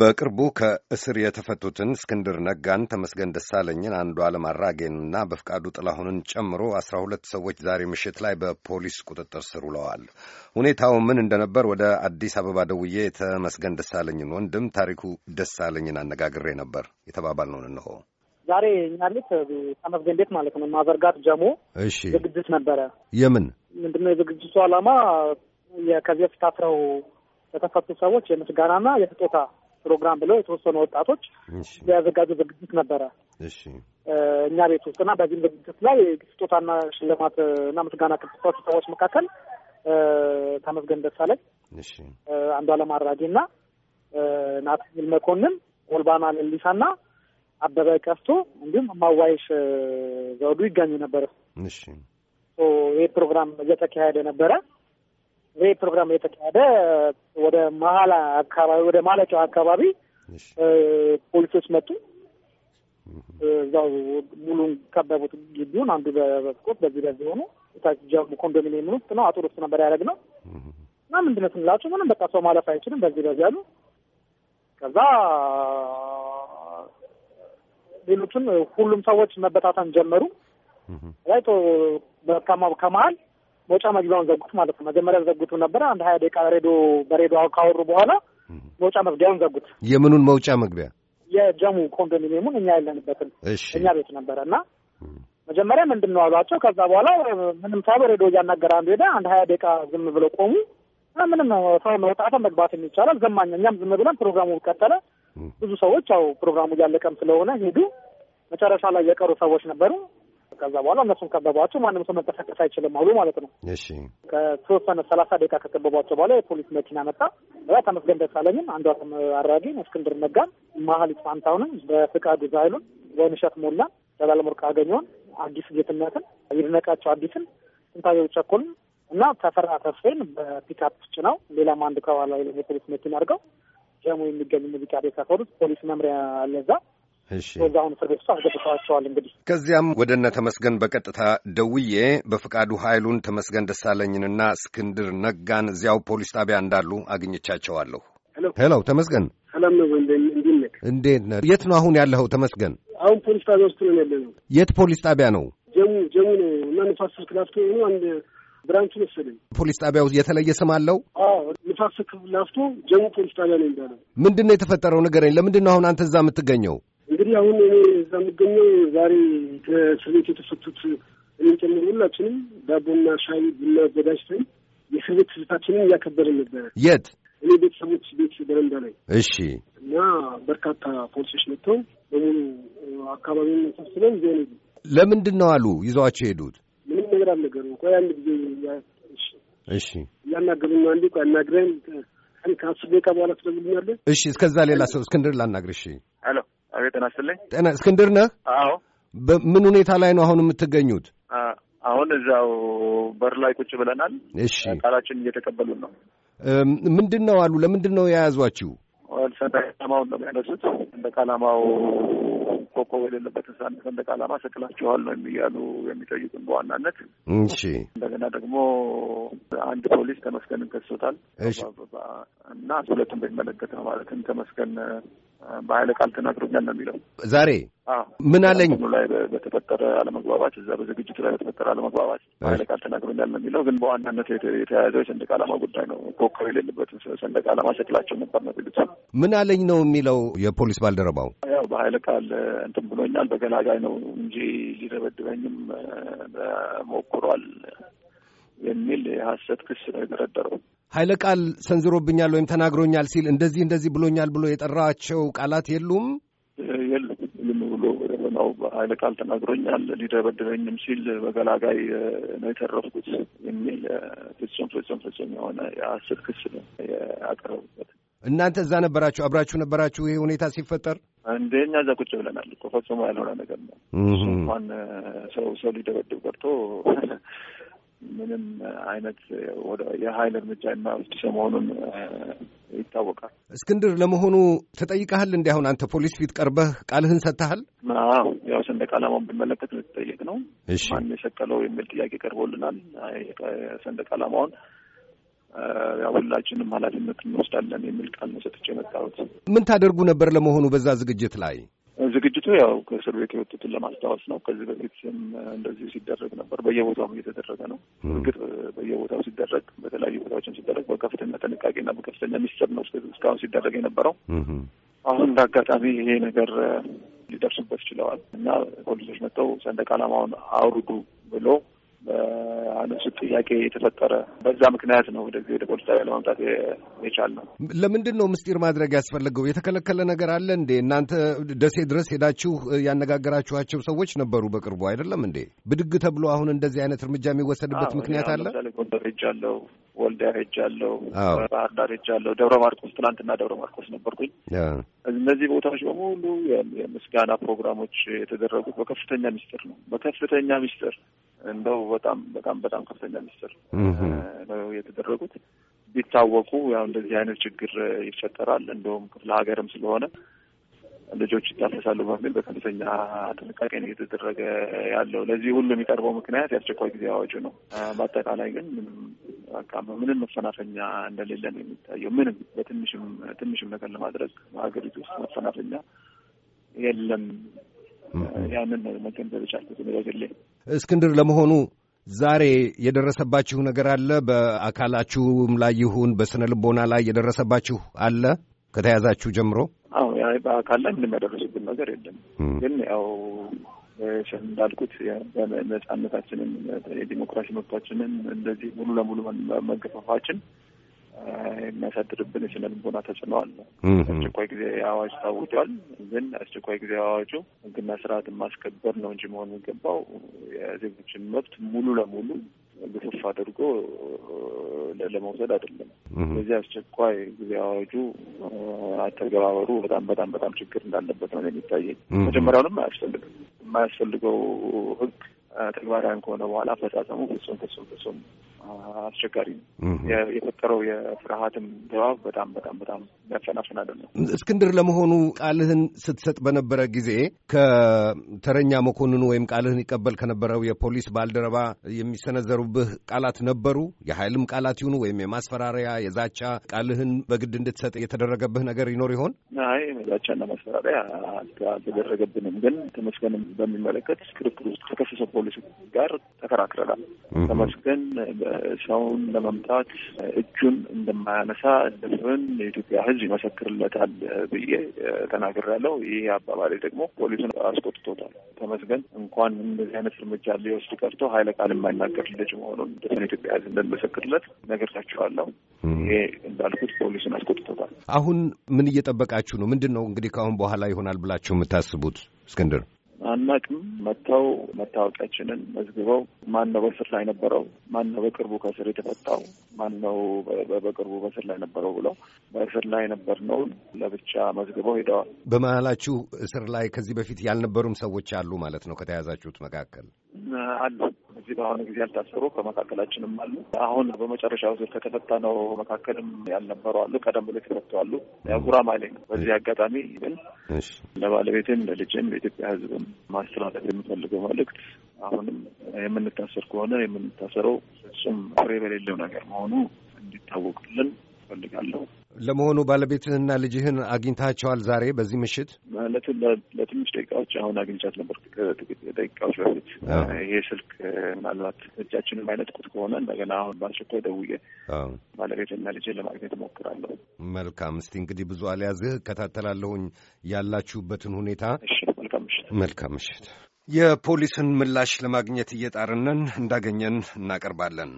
በቅርቡ ከእስር የተፈቱትን እስክንድር ነጋን፣ ተመስገን ደሳለኝን፣ አንዱ ዓለም አራጌንና በፍቃዱ ጥላሁንን ጨምሮ አስራ ሁለት ሰዎች ዛሬ ምሽት ላይ በፖሊስ ቁጥጥር ስር ውለዋል። ሁኔታው ምን እንደነበር ወደ አዲስ አበባ ደውዬ የተመስገን ደሳለኝን ወንድም ታሪኩ ደሳለኝን አነጋግሬ ነበር። የተባባልነውን እንሆ ዛሬ እኛ ቤት ተመስገን ቤት ማለት ነው ማዘርጋት ጀሞ ዝግጅት ነበረ። የምን ምንድነው የዝግጅቱ አላማ? ከዚህ በፊት ታስረው ለተፈቱ ሰዎች የምስጋናና የስጦታ ፕሮግራም ብለው የተወሰኑ ወጣቶች ያዘጋጁ ዝግጅት ነበረ እኛ ቤት ውስጥ ውስጥና በዚህም ዝግጅት ላይ ስጦታና ሽልማት እና ምስጋና ከተፈቱ ሰዎች መካከል ተመስገን ደሳለኝ፣ አንዷለም አራጌ እና ናትናኤል መኮንን፣ ጎልባና ሌሊሳ እና አበበ ቀስቶ እንዲሁም ማዋይሽ ዘውዱ ይገኙ ነበረ። ይህ ፕሮግራም እየተካሄደ ነበረ። ይህ ፕሮግራም እየተካሄደ ወደ መሀል አካባቢ ወደ ማለቂያው አካባቢ ፖሊሶች መጡ። እዛው ሙሉን ከበቡት ግቢውን። አንዱ በበስኮት በዚህ በዚህ ሆኑ። ታጀሙ ኮንዶሚኒየም ውስጥ ነው አቶ ሮስ ነበር ያደረግ ነው እና ምንድነው ምላቸው ምንም በቃ ሰው ማለፍ አይችልም በዚህ በዚህ አሉ። ከዛ ሌሎቹን ሁሉም ሰዎች መበታተን ጀመሩ። ላይ ከመሀል መውጫ መግቢያውን ዘጉት ማለት ነው። መጀመሪያ ዘጉት ነበረ። አንድ ሀያ ደቂቃ ሬዲዮ በሬዲዮ ካወሩ በኋላ መውጫ መግቢያውን ዘጉት። የምኑን መውጫ መግቢያ? የጀሙ ኮንዶሚኒየሙን እኛ የለንበትን እኛ ቤት ነበረ እና መጀመሪያ ምንድን ነው አሏቸው። ከዛ በኋላ ምንም ሰው ሬዲዮ እያናገረ አንዱ ሄደ። አንድ ሀያ ደቂቃ ዝም ብለው ቆሙ። ምንም ሰው መውጣትን መግባት የሚቻላል ዘማኛ እኛም ዝም ብለን ፕሮግራሙ ቀጠለ። ብዙ ሰዎች ያው ፕሮግራሙ እያለቀም ስለሆነ ሄዱ። መጨረሻ ላይ የቀሩ ሰዎች ነበሩ። ከዛ በኋላ እነሱን ከበቧቸው። ማንም ሰው መንቀሳቀስ አይችልም አሉ ማለት ነው። እሺ ከተወሰነ ሰላሳ ደቂቃ ከከበቧቸው በኋላ የፖሊስ መኪና መጣ። ያ ተመስገን ደሳለኝም፣ አንዷ አራጊ እስክንድር ነጋን፣ መሀል ፋንታሁንም፣ በፍቃድ ዛይሉን፣ ወይንሸት ሞላን፣ ዘላለም ወርቅ አገኘውን፣ አዲስ ጌትነትን፣ ይድነቃቸው አዲስን፣ ስንታየው ቸኮልን እና ተፈራ ተስፌን በፒካፕ ጭነው ሌላም አንድ ከኋላ የፖሊስ መኪና አድርገው ደግሞ የሚገኙ ሙዚቃ ቤት ያፈሩት ፖሊስ መምሪያ አለዛ እሺ አሁን እስር ቤት ውስጥ አስገብተዋቸዋል። እንግዲህ ከዚያም ወደ እነ ተመስገን በቀጥታ ደውዬ በፍቃዱ ኃይሉን ተመስገን ደሳለኝንና እስክንድር ነጋን እዚያው ፖሊስ ጣቢያ እንዳሉ አግኝቻቸዋለሁ። ሄሎ ተመስገን፣ ሰላም ነው? እንዴት እንዴት ነህ? የት ነው አሁን ያለኸው ተመስገን? አሁን ፖሊስ ጣቢያ ውስጥ ነው ያለ ነው። የት ፖሊስ ጣቢያ ነው? ጀሙ ጀሙ ነው እና ንፋስ ስልክ ላፍቶ ሆኑ አንድ ብራንች መሰለኝ ፖሊስ ጣቢያው የተለየ ስም አለው። ንፋስ ክፍል ላፍቶ ጀሙ ፖሊስ ጣቢያ ነው የሚባለው። ምንድን ነው የተፈጠረው ንገረኝ። ለምንድን ነው አሁን አንተ እዛ የምትገኘው? እንግዲህ አሁን እኔ እዛ የምገኘው ዛሬ ከእስር ቤት የተፈቱት እኔ ጨምር ሁላችንም ዳቦና ሻይ ቡና አዘጋጅተን የእስር ቤት ትዝታችንን እያከበርን ነበረ። የት እኔ ቤተሰቦች ቤት በረንዳ ላይ እሺ። እና በርካታ ፖሊሶች መጥተው በሙሉ አካባቢውን ሰብስበን ይዘው ለምንድን ነው አሉ ይዘዋቸው ሄዱት አለ ነገሩ እኮ አንድ ጊዜ እሺ፣ እያናገሩን አንዴ ያናግረን አናግረን ከአስር ደቂቃ በኋላ ትደውልኛለህ። እሺ፣ እስከዛ ሌላ ሰው እስክንድር ላናግር። እሺ፣ ሄሎ። አቤት፣ ጤና ይስጥልኝ። ጤና እስክንድር ነህ? አዎ። በምን ሁኔታ ላይ ነው አሁን የምትገኙት? አሁን እዛው በር ላይ ቁጭ ብለናል። እሺ፣ ቃላችን እየተቀበሉን ነው። ምንድን ነው አሉ? ለምንድን ነው የያዟችሁ? ያደርገዋል። ሰንደቅ ዓላማውን ነው የሚያነሱት። ሰንደቅ ዓላማው ኮከብ የሌለበት ሰንደቅ ዓላማ ሰቅላችኋል ነው የሚያሉ የሚጠይቁን በዋናነት። እሺ እንደገና ደግሞ አንድ ፖሊስ ተመስገንን ከሶታል እና ሁለቱም በሚመለከት ነው ማለትም ተመስገን በኃይለ ቃል ተናግሮኛል ነው የሚለው። ዛሬ ምን አለኝ ላይ በተፈጠረ አለመግባባት እዛ በዝግጅቱ ላይ በተፈጠረ አለመግባባት በኃይለ ቃል ተናግሮኛል ነው የሚለው። ግን በዋናነት የተያያዘው የሰንደቅ ዓላማ ጉዳይ ነው። ኮከብ የሌለበትን ሰንደቅ ዓላማ ሸክላቸው ነበር ነው ዝግጅ ምን አለኝ ነው የሚለው የፖሊስ ባልደረባው። ያው በኃይለ ቃል እንትን ብሎኛል፣ በገላጋይ ነው እንጂ ሊደበድበኝም ሞክሯል የሚል የሀሰት ክስ ነው የደረደረው። ኃይለ ቃል ሰንዝሮብኛል ወይም ተናግሮኛል ሲል እንደዚህ እንደዚህ ብሎኛል ብሎ የጠራቸው ቃላት የሉም የሉም። ብሎ የሆነው ኃይለ ቃል ተናግሮኛል ሊደበድበኝም ሲል በገላጋይ ነው የተረፍኩት የሚል ፍጹም ፍጹም ፍጹም የሆነ የሀሰት ክስ ነው ያቀረቡበት። እናንተ እዛ ነበራችሁ? አብራችሁ ነበራችሁ? ይሄ ሁኔታ ሲፈጠር እንደ እኛ እዛ ቁጭ ብለናል እኮ ፈጽሞ ያልሆነ ነገር ነው። እሱ እንኳን ሰው ሰው ሊደበድብ ቀርቶ ምንም አይነት የሀይል እርምጃ የማይወስድ መሆኑን ይታወቃል። እስክንድር፣ ለመሆኑ ተጠይቀሃል? እንዲህ አሁን አንተ ፖሊስ ፊት ቀርበህ ቃልህን ሰጥተሃል? አዎ፣ ያው ሰንደቅ ዓላማውን ብንመለከት ነው የተጠየቅነው። ማን የሰቀለው የሚል ጥያቄ ቀርቦልናል። ሰንደቅ ዓላማውን ያው ሁላችንም ኃላፊነት እንወስዳለን የሚል ቃል ነው ሰጥቼ የመጣሁት። ምን ታደርጉ ነበር ለመሆኑ በዛ ዝግጅት ላይ? ዝግጅቱ ያው ከእስር ቤት የወጡትን ለማስታወስ ነው። ከዚህ በፊትም እንደዚሁ ሲደረግ ነበር። በየቦታው እየተደረገ ነው። እርግጥ በየቦታው ሲደረግ፣ በተለያዩ ቦታዎችም ሲደረግ በከፍተኛ ጥንቃቄና በከፍተኛ ሚስጥር ነው እስካሁን ሲደረግ የነበረው። አሁን እንደ አጋጣሚ ይሄ ነገር ሊደርሱበት ችለዋል እና ፖሊሶች መጥተው ሰንደቅ ዓላማውን አውርዱ ብሎ በአለም ስጥ ጥያቄ የተፈጠረ በዛ ምክንያት ነው ወደዚህ ወደ ፖለቲካ ለማምጣት ለማምጣት ነው። ለምንድን ነው ምስጢር ማድረግ ያስፈለገው? የተከለከለ ነገር አለ እንዴ? እናንተ ደሴ ድረስ ሄዳችሁ ያነጋገራችኋቸው ሰዎች ነበሩ በቅርቡ አይደለም እንዴ? ብድግ ተብሎ አሁን እንደዚህ አይነት እርምጃ የሚወሰድበት ምክንያት አለ? ጎንደር ሄጃለሁ፣ ወልዲያ ሄጃለሁ፣ ባህር ዳር ሄጃለሁ፣ ደብረ ማርቆስ ትናንትና ደብረ ማርቆስ ነበርኩኝ። እነዚህ ቦታዎች በሙሉ የምስጋና ፕሮግራሞች የተደረጉት በከፍተኛ ሚስጥር ነው። በከፍተኛ ሚስጥር እንደው በጣም በጣም በጣም ከፍተኛ ሚስጥር ነው የተደረጉት። ቢታወቁ ያው እንደዚህ አይነት ችግር ይፈጠራል። እንደውም ክፍለ ሀገርም ስለሆነ ልጆች ይታፈሳሉ በሚል በከፍተኛ ጥንቃቄ ነው እየተደረገ ያለው። ለዚህ ሁሉ የሚቀርበው ምክንያት የአስቸኳይ ጊዜ አዋጁ ነው። በአጠቃላይ ግን ምንም መፈናፈኛ እንደሌለ ነው የሚታየው። ምንም በትንሽም ትንሽም ነገር ለማድረግ በሀገሪቱ ውስጥ መፈናፈኛ የለም። ያንን መገንዘብ የቻልኩት በግሌ። እስክንድር፣ ለመሆኑ ዛሬ የደረሰባችሁ ነገር አለ? በአካላችሁም ላይ ይሁን በስነ ልቦና ላይ የደረሰባችሁ አለ? ከተያዛችሁ ጀምሮ? አዎ፣ በአካል ላይ ምንም ያደረሱብን ነገር የለም። ግን ያው እንዳልኩት ነጻነታችንን የዲሞክራሲ መብታችንን እንደዚህ ሙሉ ለሙሉ መገፋፋችን የሚያሳድርብን የስነ ልቦና ተጽዕኖ አለ። አስቸኳይ ጊዜ አዋጅ ታውጇል። ግን አስቸኳይ ጊዜ አዋጁ ሕግና ስርዓትን ማስከበር ነው እንጂ መሆን የሚገባው የዜጎችን መብት ሙሉ ለሙሉ ግፍፍ አድርጎ ለመውሰድ አይደለም። ስለዚህ አስቸኳይ ጊዜ አዋጁ አተገባበሩ በጣም በጣም በጣም ችግር እንዳለበት ነው የሚታየኝ። መጀመሪያውንም አያስፈልግም። የማያስፈልገው ሕግ ተግባራዊ ከሆነ በኋላ አፈጻጸሙ ፍጹም ፍጹም ፍጹም አስቸጋሪ ነው የፈጠረው የፍርሃትም ድባብ በጣም በጣም በጣም ያፈናፍናል ነው። እስክንድር ለመሆኑ ቃልህን ስትሰጥ በነበረ ጊዜ ከተረኛ መኮንኑ ወይም ቃልህን ይቀበል ከነበረው የፖሊስ ባልደረባ የሚሰነዘሩብህ ቃላት ነበሩ? የኃይልም ቃላት ይሁኑ ወይም የማስፈራሪያ የዛቻ ቃልህን በግድ እንድትሰጥ የተደረገብህ ነገር ይኖር ይሆን? አይ ዛቻና ማስፈራሪያ አልተደረገብንም። ግን ተመስገንም በሚመለከት ክርክር ውስጥ ከከሰሰው ፖሊስ ጋር ተከራክረናል። ተመስገን ሰውን ለመምታት እጁን እንደማያነሳ እንደሚሆን የኢትዮጵያ ሕዝብ ይመሰክርለታል ብዬ ተናግሬያለሁ። ይህ አባባሌ ደግሞ ፖሊሱን አስቆጥቶታል። ተመስገን እንኳን እንደዚህ አይነት እርምጃ ሊወስድ ቀርቶ ኃይለ ቃል የማይናገር ልጅ መሆኑን ደሰን ኢትዮጵያ ሕዝብ እንደሚመሰክርለት ነገርታችኋለሁ። ይሄ እንዳልኩት ፖሊሱን አስቆጥቶታል። አሁን ምን እየጠበቃችሁ ነው? ምንድን ነው እንግዲህ ከአሁን በኋላ ይሆናል ብላችሁ የምታስቡት? እስክንድር አናቅም። መጥተው መታወቂያችንን መዝግበው ማን ነው በስር ላይ ነበረው፣ ማን ነው በቅርቡ ከስር የተፈታው፣ ማን ነው በቅርቡ በስር ላይ ነበረው ብለው በእስር ላይ ነበር ነው ለብቻ መዝግበው ሄደዋል። በመሀላችሁ እስር ላይ ከዚህ በፊት ያልነበሩም ሰዎች አሉ ማለት ነው ከተያዛችሁት መካከል አሉ። እዚህ በአሁኑ ጊዜ ያልታሰሩ ከመካከላችንም አሉ። አሁን በመጨረሻ ከተፈታ ነው መካከልም ያልነበሩ አሉ። ቀደም ብሎ የተፈቱ አሉ። ያው ጉራማይሌ ነው። በዚህ አጋጣሚ ግን ለባለቤትም ለልጅም ለኢትዮጵያ ሕዝብም ማስተላለፍ የምፈልገው መልእክት አሁንም የምንታሰር ከሆነ የምንታሰረው ፍጹም ፍሬ በሌለው ነገር መሆኑ እንዲታወቅልን እፈልጋለሁ። ለመሆኑ ባለቤትህና ልጅህን አግኝታቸዋል? ዛሬ በዚህ ምሽት ለትንሽ ደቂቃዎች አሁን አግኝቻት ነበር፣ ደቂቃዎች በፊት ይሄ ስልክ ምናልባት እጃችንም አይነጥቁት ከሆነ እንደገና አሁን በአስቸኳይ ደውዬ ባለቤትና ልጅህን ለማግኘት እሞክራለሁ። መልካም። እስቲ እንግዲህ ብዙ አልያዝህ፣ እከታተላለሁኝ ያላችሁበትን ሁኔታ። መልካም ምሽት። መልካም ምሽት። የፖሊስን ምላሽ ለማግኘት እየጣርነን እንዳገኘን እናቀርባለን።